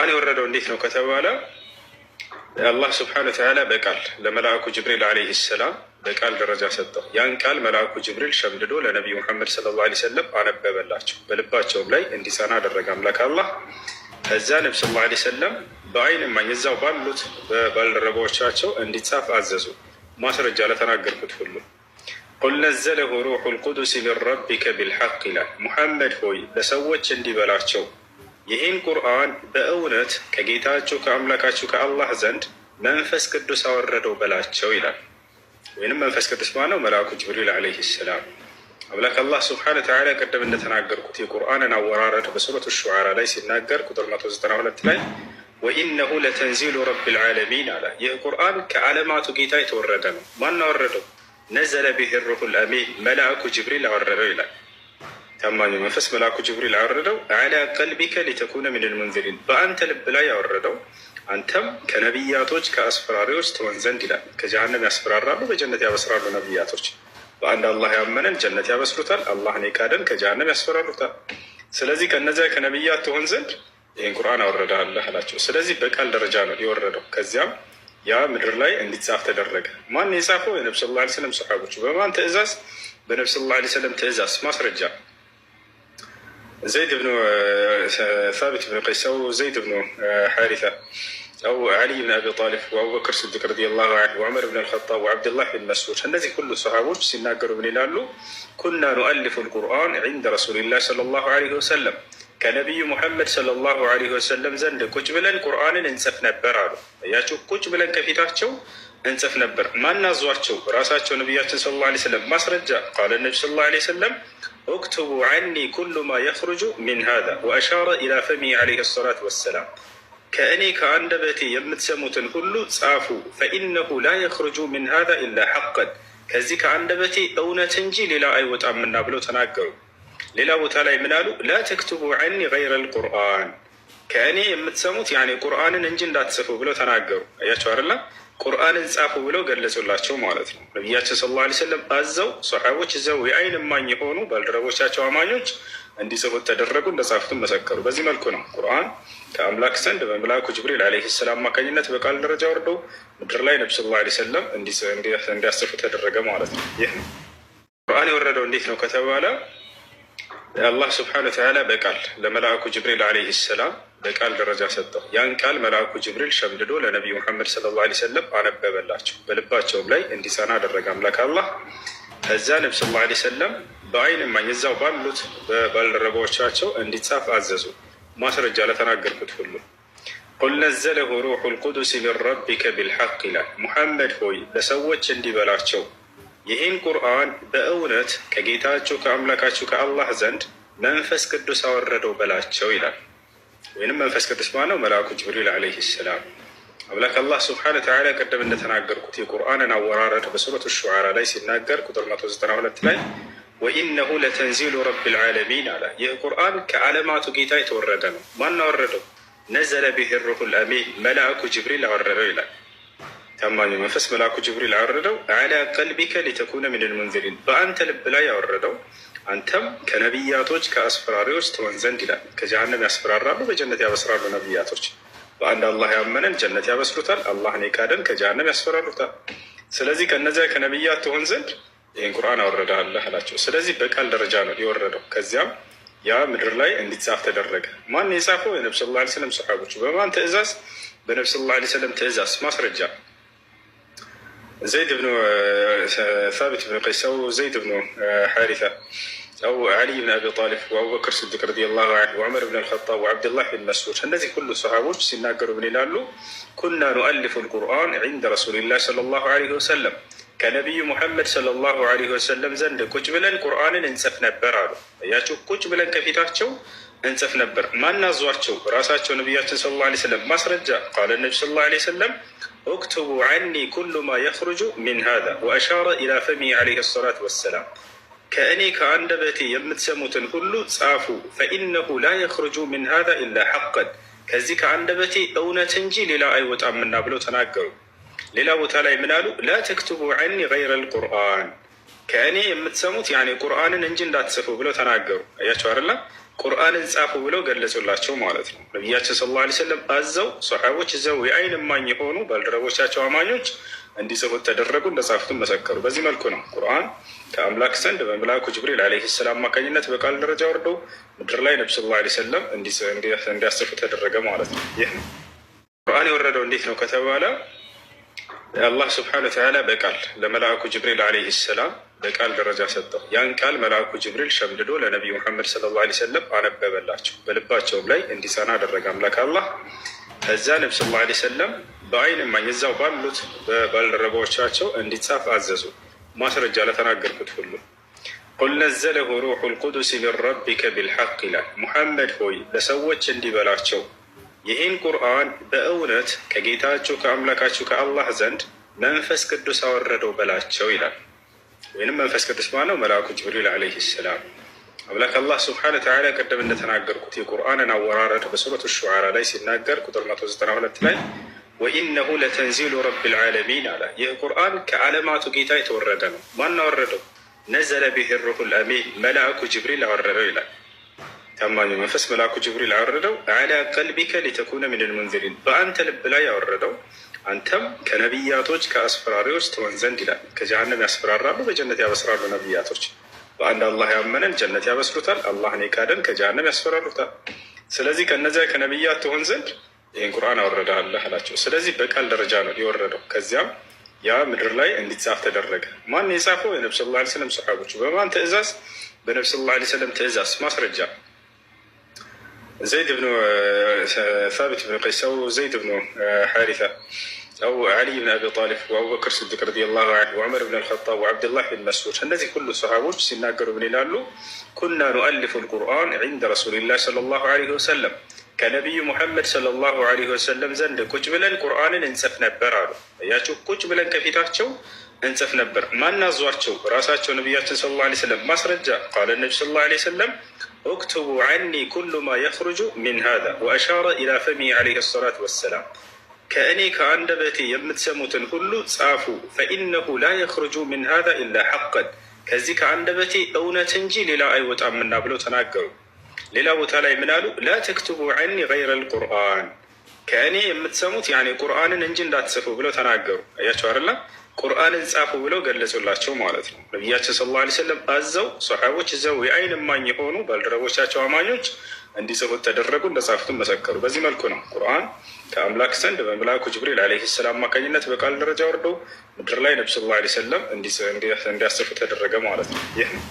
ቁርአን የወረደው እንዴት ነው ከተባለ አላህ ስብሓነ ወተዓላ በቃል ለመልአኩ ጅብሪል ዓለይሂ ሰላም በቃል ደረጃ ሰጠው። ያን ቃል መልአኩ ጅብሪል ሸምድዶ ለነቢዩ ሙሐመድ ሰለላሁ ዓለይሂ ወሰለም አነበበላቸው፣ በልባቸውም ላይ እንዲጸና አደረገ አምላክ አላህ። ከዛ ነቢ ሰለላሁ ዓለይሂ ወሰለም በአይን እማኝ እዛው ባሉት በባልደረባዎቻቸው እንዲጻፍ አዘዙ፣ ማስረጃ ለተናገርኩት ሁሉ። ቁል ነዘለሁ ሩሑል ቁዱስ ሚን ረቢከ ቢልሐቅ ይላል። ሙሐመድ ሆይ ለሰዎች እንዲበላቸው ይህን ቁርአን በእውነት ከጌታችሁ ከአምላካችሁ ከአላህ ዘንድ መንፈስ ቅዱስ አወረደው በላቸው ይላል። ወይንም መንፈስ ቅዱስ ማነው? መልአኩ ጅብሪል ዓለይሂ ሰላም። አምላክ አላህ ስብሐነሁ ወተዓላ ቅድም እንደተናገርኩት የቁርአንን አወራረድ በሱረቱ ሹዓራ ላይ ሲናገር ቁጥር 192 ላይ ወኢነሁ ለተንዚሉ ረቢል ዓለሚን አለ። ይህ ቁርአን ከዓለማቱ ጌታ የተወረደ ነው። ማን አወረደው? ነዘለ ቢሂ ሩሑል አሚን፣ መልአኩ ጅብሪል አወረደው ይላል። ታማኝ መንፈስ መልአኩ ጅብሪል አወረደው። አላ ቀልቢከ ሊተኩነ ሚነል ሙንዚሪን በአንተ ልብ ላይ ያወረደው አንተም ከነቢያቶች ከአስፈራሪዎች ትሆን ዘንድ ይላል። ከጀሃነም ያስፈራራሉ፣ በጀነት ያበስራሉ ነቢያቶች። በአንድ አላህ ያመነን ጀነት ያበስሩታል፣ አላህን የካደን ከጀሃነም ያስፈራሩታል። ስለዚህ ከነዚያ ከነቢያት ትሆን ዘንድ ይህን ቁርአን አወረዳለህ አላቸው። ስለዚህ በቃል ደረጃ ነው የወረደው። ከዚያም ያ ምድር ላይ እንዲጻፍ ተደረገ። ማን የጻፈው? የነብስ ላ ስለም ሰሓቦቹ። በማን ትእዛዝ? በነብስ ላ ስለም ትእዛዝ ማስረጃ ዘይድ ብኑ ሳቢት ብን ቀይስ አው ዘይድ ብኑ ሓሪታ አው ዓሊ ብን አቢ ጣሊብ ወአቡበክር ስዲቅ ረዲየላሁ ዐንሁ ወዑመር ብን አልኸጣብ ወዓብድላህ ብን መስዑድ እነዚህ ሁሉ ሰሓቦች ሲናገሩ ምን ይላሉ? ኩና ኑአልፉ ልቁርአን ዒንደ ረሱሊላህ ሰለላሁ ዐለይሂ ወሰለም ከነቢዩ ሙሐመድ ሰለላሁ ዐለይሂ ወሰለም ዘንድ ቁጭ ብለን ቁርአንን እንጽፍ ነበር አሉ። እያቸው ቁጭ ብለን ከፊታቸው እንጽፍ ነበር። ማናዟቸው ራሳቸው ነቢያችን ሰለላሁ ዐለይሂ ወሰለም ማስረጃ ቃለ ነቢ ሰለላሁ ዐለይሂ ወሰለም اكتبوا عني كل ما يخرج من هذا وأشار إلى فمي عليه الصلاة والسلام كأني كأندبتي يمتسموت كل صافو فإنه لا يخرج من هذا إلا حقا كذي كأندبتي أو نتنجي للا أي وطعم من تناقروا للا وتالا لا تكتبوا عني غير القرآن ከእኔ የምትሰሙት ያኔ ቁርአንን እንጂ እንዳትጽፉ ብለው ተናገሩ። አያቸው አይደለ? ቁርአንን ጻፉ ብለው ገለጹላቸው ማለት ነው። ነቢያችን ሰለላሁ ዓለይሂ ወሰለም አዘው ሰሓቦች ዘው የአይን እማኝ የሆኑ ባልደረቦቻቸው አማኞች እንዲጽፉት ተደረጉ፣ እንደጻፉትም መሰከሩ። በዚህ መልኩ ነው ቁርአን ከአምላክ ዘንድ በመልአኩ ጅብሪል ዓለይሂ ሰላም አማካኝነት በቃል ደረጃ ወርዶ ምድር ላይ ነብ ሰለላሁ ላ ወሰለም እንዲያስፉ ተደረገ ማለት ነው። ይህ ቁርአን የወረደው እንዴት ነው ከተባለ አላህ ስብሓነሁ ወተዓላ በቃል ለመልአኩ ጅብሪል ዓለይሂ ሰላም በቃል ደረጃ ሰጠው። ያን ቃል መልአኩ ጅብሪል ሸምድዶ ለነቢዩ መሐመድ ሰለላሁ ዓለይሂ ወሰለም አነበበላቸው፣ በልባቸውም ላይ እንዲጸና አደረገ አምላክ አላህ። ከዛ ነቢ ሰለላሁ ዓለይሂ ወሰለም በአይን እማኝ እዛው ባሉት በባልደረባዎቻቸው እንዲጻፍ አዘዙ። ማስረጃ ለተናገርኩት ሁሉ ቁል ነዘለሁ ሩሑ ቁዱስ ሚን ረቢከ ቢልሐቅ ይላል። ሙሐመድ ሆይ ለሰዎች እንዲበላቸው ይህን ቁርአን በእውነት ከጌታችሁ ከአምላካችሁ ከአላህ ዘንድ መንፈስ ቅዱስ አወረደው በላቸው ይላል። ወይንም መንፈስ ቅዱስ ማነው? መልአኩ ጅብሪል ዓለይሂ ሰላም። አምላክ አላህ ስብሐነሁ ወተዓላ ቀደም እንደተናገርኩት የቁርአንን አወራረድ በሱረት ሹዓራ ላይ ሲናገር ቁጥር 192 ላይ ወኢነሁ ለተንዚሉ ረቢል ዓለሚን አለ። ይህ ቁርአን ከዓለማቱ ጌታ የተወረደ ነው። ማን አወረደው? ነዘለ ቢሂ ሩሑል አሚን መልአኩ ጅብሪል አወረደው ይላል። ታማኙ መንፈስ መልአኩ ጅብሪል አወረደው። ዓላ ቀልቢከ ሊተኩነ ሚነል ሙንዚሪን በአንተ ልብ ላይ አወረደው? አንተም ከነቢያቶች ከአስፈራሪዎች ትሆን ዘንድ ይላል። ከጀሃነም ያስፈራራሉ፣ በጀነት ያበስራሉ ነቢያቶች። በአንድ አላህ ያመነን ጀነት ያበስሩታል፣ አላህን የካደን ከጀሃነም ያስፈራሩታል። ስለዚህ ከነዚያ ከነቢያት ትሆን ዘንድ ይህን ቁርአን አወረዳለህ አላቸው። ስለዚህ በቃል ደረጃ ነው የወረደው። ከዚያም ያ ምድር ላይ እንዲጻፍ ተደረገ። ማን የጻፈው? የነቢ ስ ላ ስለም ሰሓቦች። በማን ትእዛዝ? በነቢ ስ ላ ስለም ትእዛዝ። ማስረጃ ዘይድ ብኑ ሳቢት ብኑ ቀይስ፣ ዘይድ ብኑ ሓሪታ علي ብን አቢ ጣሊብ ወአቡበክር ስዲቅ ረዲየላሁ አንሁ ወዑመር ብን አልኸጣብ ወዓብድላህ ብን መስዑድ እነዚህ ሁሉ ሰሃቦች ሲናገሩ ምን ይላሉ? ኩና ኑአልፉ ልቁርአን ዒንደ ረሱሊላህ ሰለላሁ ዐለይሂ ወሰለም ከነቢዩ ሙሐመድ ሰለላሁ ዐለይሂ ወሰለም ዘንድ ቁጭ ብለን ቁርአንን እንጽፍ ነበር አሉ። እያቸው ቁጭ ብለን ከፊታቸው እንጽፍ ነበር። ማናዟቸው ራሳቸው ነቢያችን ሰለላሁ ዐለይሂ ወሰለም ማስረጃ ቃለ ነቢ ሰለላሁ ዐለይሂ ወሰለም እክቱቡ ዐኒ ኩሉ ማ የኽሩጁ ሚን ሃዛ ወአሻረ ኢላ ፈሚሂ ዐለይሂ ሰላቱ ወሰላም ከእኔ ከአንደበቴ የምትሰሙትን ሁሉ ጻፉ። ፈኢነሁ ላ የኽርጁ ምን ሃዛ ኢላ ሐቀን፣ ከዚህ ከአንደበቴ እውነት እንጂ ሌላ አይወጣምና ብለው ተናገሩ። ሌላ ቦታ ላይ ምናሉ ላ ተክቱቡ ዐኒ ገይረ አልቁርአን ከእኔ የምትሰሙት ያኔ ቁርአንን እንጂ እንዳትጽፉ ብለው ተናገሩ። አያቸው አይደለ ቁርአንን ጻፉ ብለው ገለጹላቸው ማለት ነው። ነቢያችን ስለ ላ ወሰለም አዘው ሰሓቦች እዘው የአይን እማኝ የሆኑ ባልደረቦቻቸው አማኞች እንዲጽፉት ተደረጉ፣ እንደጻፉትም መሰከሩ። በዚህ መልኩ ነው ቁርአን ከአምላክ ዘንድ በመልአኩ ጅብሪል ዓለይሂ ሰላም አማካኝነት በቃል ደረጃ ወርዶ ምድር ላይ ነቢ ሰለላሁ ዓለይሂ ወሰለም እንዲያስፉ ተደረገ ማለት ነው። ይህ ነው ቁርአን የወረደው እንዴት ነው ከተባለ አላህ ስብሓነሁ ወተዓላ በቃል ለመልአኩ ጅብሪል ዓለይሂ ሰላም በቃል ደረጃ ሰጠው። ያን ቃል መልአኩ ጅብሪል ሸምድዶ ለነቢዩ መሐመድ ሰለላሁ ዓለይሂ ወሰለም አነበበላቸው፣ በልባቸውም ላይ እንዲጸና አደረገ አምላክ አላህ። ከዛ ነቢ ሰለላሁ ዓለይሂ ወሰለም በአይን እማኝ እዛው ባሉት በባልደረባዎቻቸው እንዲጻፍ አዘዙ። ማስረጃ ለተናገርኩት ሁሉ ቁል ነዘለሁ ሩሑ ቁዱስ ሚን ረቢከ ቢልሐቅ ይላል። ሙሐመድ ሆይ ለሰዎች እንዲበላቸው ይህን ቁርአን በእውነት ከጌታችሁ ከአምላካችሁ ከአላህ ዘንድ መንፈስ ቅዱስ አወረደው በላቸው ይላል። ወይንም መንፈስ ቅዱስ ማነው? መልአኩ ጅብሪል ዓለይሂ ሰላም። አምላክ አላህ ስብሐነ ወተዓላ ቀደም እንደተናገርኩት የቁርአንን አወራረድ በሱረቱ ሹዓራ ላይ ሲናገር ቁጥር 192 ላይ ወኢነሁ ለተንዚሉ ረቢል ዓለሚን አለ። ይህ ቁርአን ከዓለማቱ ጌታ የተወረደ ነው። ማን አወረደው? ነዘለ ቢሂ ሩሑል አሚን መልአኩ ጅብሪል አወረደው ይላል። ታማኙ መንፈስ መልአኩ ጅብሪል አወረደው። ዓላ ቀልቢከ ሊተኩነ ሚነል ሙንዚሪን በአንተ ልብ ላይ አወረደው? አንተም ከነቢያቶች ከአስፈራሪዎች ትሆን ዘንድ ይላል። ከጀሃነም ያስፈራራሉ፣ በጀነት ያበስራሉ ነቢያቶች። በአንድ አላህ ያመነን ጀነት ያበስሩታል፣ አላህን የካደን ከጀሃነም ያስፈራሩታል። ስለዚህ ከነዚያ ከነቢያት ትሆን ዘንድ ይህን ቁርአን አወረዳለህ አላቸው። ስለዚህ በቃል ደረጃ ነው የወረደው። ከዚያም ያ ምድር ላይ እንዲጻፍ ተደረገ። ማን የጻፈው? የነብስ ላ ስለም ሰሓቦች። በማን ትእዛዝ? በነብስ ላ ስለም ትእዛዝ ማስረጃ زيد بن آه، ثابت بن قيس أو زيد بن آه، حارثة أو علي بن أبي طالب وأبو بكر الصديق رضي الله عنه وعمر بن الخطاب وعبد الله بن مسعود الذي كل ሰሃቦች ሲናገሩ ምን ይላሉ? كنا نؤلف القرآن عند رسول الله صلى الله عليه وسلم ከነቢዩ ሙሐመድ ሰለላሁ ዐለይሂ ወሰለም ዘንድ ቁጭ ብለን ቁርአንን እንጽፍ ነበር አሉ። እያቸው ቁጭ ብለን ከፊታቸው እንጽፍ ነበር። ማናዟቸው ራሳቸው ነቢያችን ሰለላሁ ዐለይሂ ወሰለም ማስረጃ ቃለ ነቢ ሰለላሁ ዐለይሂ ወሰለም ኡክቱቡ ዐኒ ኩሉ ማ የኽሩጁ ሚን ሃዛ ወአሻረ ኢላ ፈሚ ዐለይሂ ሰላቱ ወሰላም ከእኔ ከአንደበቴ የምትሰሙትን ሁሉ ጻፉ፣ ፈኢነሁ ላ የኽሩጁ ሚን ሃዛ ኢላ ሐቀን ከዚህ ከአንደበቴ እውነት እንጂ ሌላ አይወጣምና ብለው ተናገሩ። ሌላ ቦታ ላይ ምናሉ ላ ተክትቡ ዐኒ ገይረ ልቁርአን ከእኔ የምትሰሙት ያኔ ቁርአንን እንጂ እንዳትጽፉ ብለው ተናገሩ። አያቸው አይደለ? ቁርአንን ጻፉ ብለው ገለጹላቸው ማለት ነው። ነቢያችን ስለ ላ ሰለም አዘው ሰሓቦች እዘው የአይን እማኝ የሆኑ ባልደረቦቻቸው አማኞች እንዲጽፉት ተደረጉ። እንደጻፉትም መሰከሩ። በዚህ መልኩ ነው ቁርአን ከአምላክ ዘንድ በመልአኩ ጅብሪል ዓለይሂ ሰላም አማካኝነት በቃል ደረጃ ወርዶ ምድር ላይ ነቢ ስለ ላ ሰለም እንዲያስጽፉ ተደረገ ማለት ነው። ይህ ነው